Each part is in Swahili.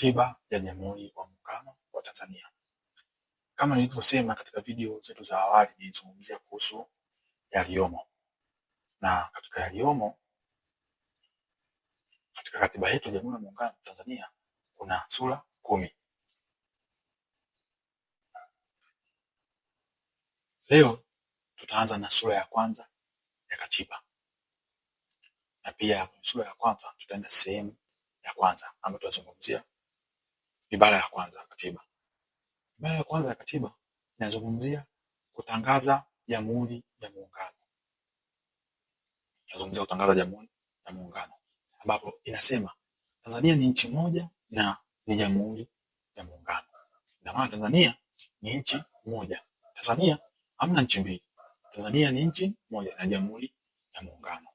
Katiba ya Jamhuri wa Muungano wa Tanzania kama nilivyosema katika video zetu za awali, nilizungumzia kuhusu yaliyomo na katika yaliyomo katika katiba yetu ya Jamhuri ya Muungano wa Tanzania kuna sura kumi. Leo tutaanza na sura ya kwanza ya katiba na pia sura ya kwanza tutaenda sehemu ya kwanza ambayo tutazungumzia ibara ya kwanza katiba ibara ya kwanza ya katiba inazungumzia kutangaza jamhuri ya muungano inazungumzia kutangaza jamhuri ya muungano ambapo inasema Tanzania ni nchi moja na ni jamhuri ya muungano na maana Tanzania ni nchi moja Tanzania hamna nchi mbili Tanzania ni nchi moja na jamhuri ya muungano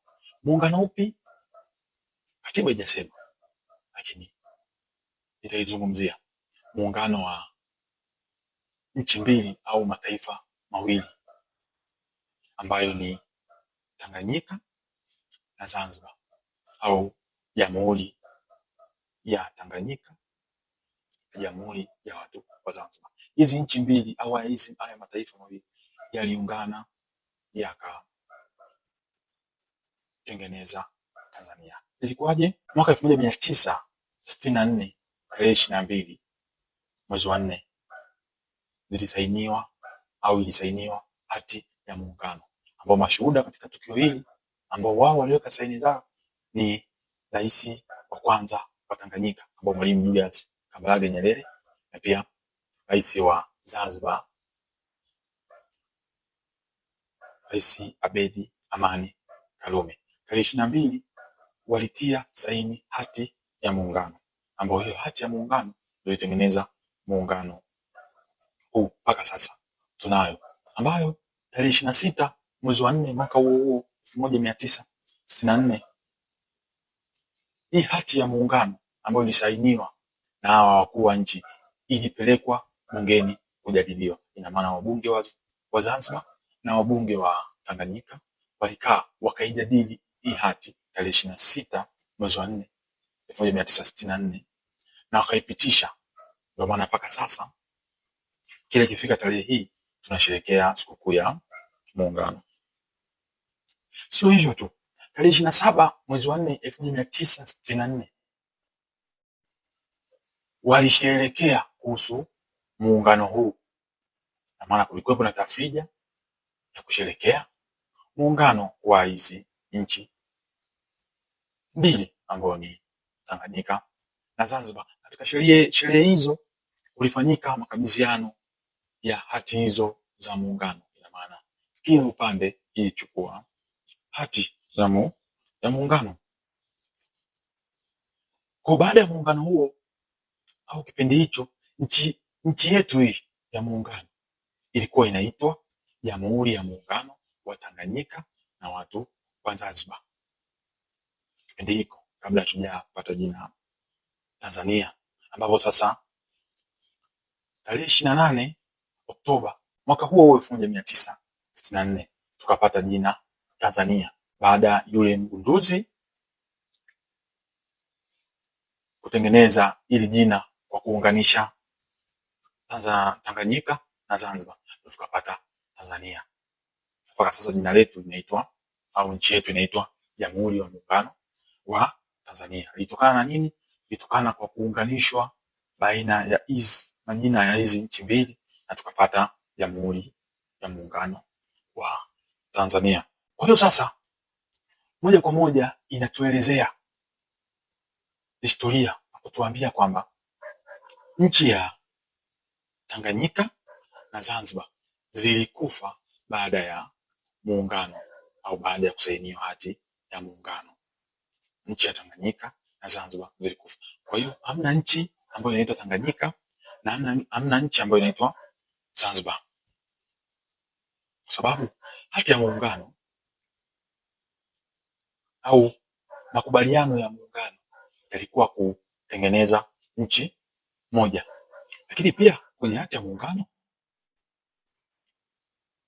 muungano upi katiba ijasema lakini itaizungumzia muungano wa nchi mbili au mataifa mawili ambayo ni Tanganyika na Zanzibar au Jamhuri ya Tanganyika na Jamhuri ya watu wa Zanzibar. Hizi nchi mbili au hizi haya mataifa mawili yaliungana yakatengeneza Tanzania. Ilikuwaje? Mwaka elfu moja mia tisa sitini na nne tarehe ishirini na mbili mwezi wa nne zilisainiwa au ilisainiwa hati ya muungano, ambao mashuhuda katika tukio hili ambao wao waliweka saini zao ni rais wa kwanza wa Tanganyika ambao Mwalimu Julius Kambarage Nyerere na pia rais wa Zanzibar Rais Abedi Amani Karume. Tarehe ishirini na mbili walitia saini hati ya muungano ambayo hiyo hati ya muungano ndio ilitengeneza muungano huu mpaka sasa tunayo, ambayo tarehe ishirini na sita mwezi wa nne mwaka huo huo elfu moja mia tisa sitini na nne hii hati ya muungano ambayo ilisainiwa na hawa wakuu wa nchi ilipelekwa bungeni kujadiliwa. Ina maana wabunge wa, wa Zanzibar na wabunge wa Tanganyika walikaa wakaijadili hii hati tarehe ishirini na sita mwezi wa nne elfu moja mia tisa sitini na nne na wakaipitisha. Ndio maana mpaka sasa kile kifika tarehe hii tunasherekea sikukuu ya Muungano. Sio hivyo tu, tarehe ishirini na saba mwezi wa nne elfu moja mia tisa sitini na nne walisherekea kuhusu muungano huu, na maana kulikuwepo na tafrija ya kusherekea muungano wa hizi nchi mbili ambayo ni Tanganyika na Zanzibar. Katika sherehe hizo ulifanyika makabidhiano ya hati hizo za Muungano. Ina maana kila upande ilichukua hati ya, mu, ya Muungano. Kwa baada ya muungano huo au kipindi hicho, nchi nchi yetu hii ya Muungano ilikuwa inaitwa Jamhuri ya Muungano wa Tanganyika na watu wa Zanzibar kipindi hiko kabla hatujapata jina Tanzania, ambapo sasa tarehe ishirini na nane Oktoba mwaka huo huo elfu moja mia tisa sitini na nne tukapata jina Tanzania baada ya yule mgunduzi kutengeneza ili jina kwa kuunganisha Tanganyika na Zanzibar tukapata Tanzania. Mpaka sasa jina letu linaitwa au nchi yetu inaitwa Jamhuri ya Muungano wa Tanzania ilitokana na nini? Ilitokana kwa kuunganishwa baina ya hizi majina ya hizi nchi mbili na tukapata Jamhuri ya Muungano wa Tanzania. Kwa hiyo sasa, moja kwa moja inatuelezea historia na kutuambia kwamba nchi ya Tanganyika na Zanzibar zilikufa baada ya muungano au baada ya kusainiwa hati ya muungano nchi ya Tanganyika na Zanzibar zilikufa kwa hiyo hamna nchi ambayo inaitwa Tanganyika na hamna, nchi ambayo inaitwa Zanzibar kwa sababu hati ya muungano au makubaliano ya muungano yalikuwa kutengeneza nchi moja, lakini pia kwenye hati ya muungano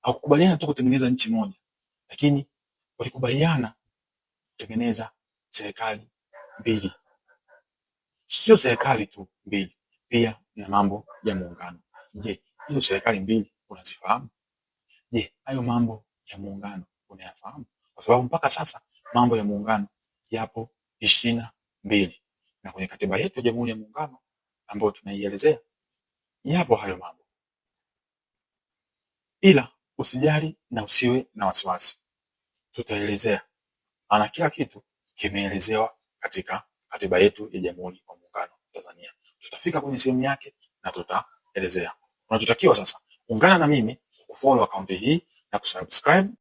hakukubaliana tu kutengeneza nchi moja, lakini walikubaliana kutengeneza serikali mbili sio serikali tu mbili, pia na mambo ya muungano. Je, hizo serikali mbili unazifahamu? Je, hayo mambo ya muungano unayafahamu? Kwa sababu mpaka sasa mambo ya muungano yapo ishirini na mbili na kwenye katiba yetu ya Jamhuri ya Muungano ambayo tunaielezea yapo hayo mambo, ila usijali na usiwe na wasiwasi, tutaelezea ana kila kitu kimeelezewa katika katiba yetu ya Jamhuri ya Muungano wa Tanzania. Tutafika kwenye sehemu yake na tutaelezea unachotakiwa sasa. Ungana na mimi kufollow akaunti hii na kusubscribe.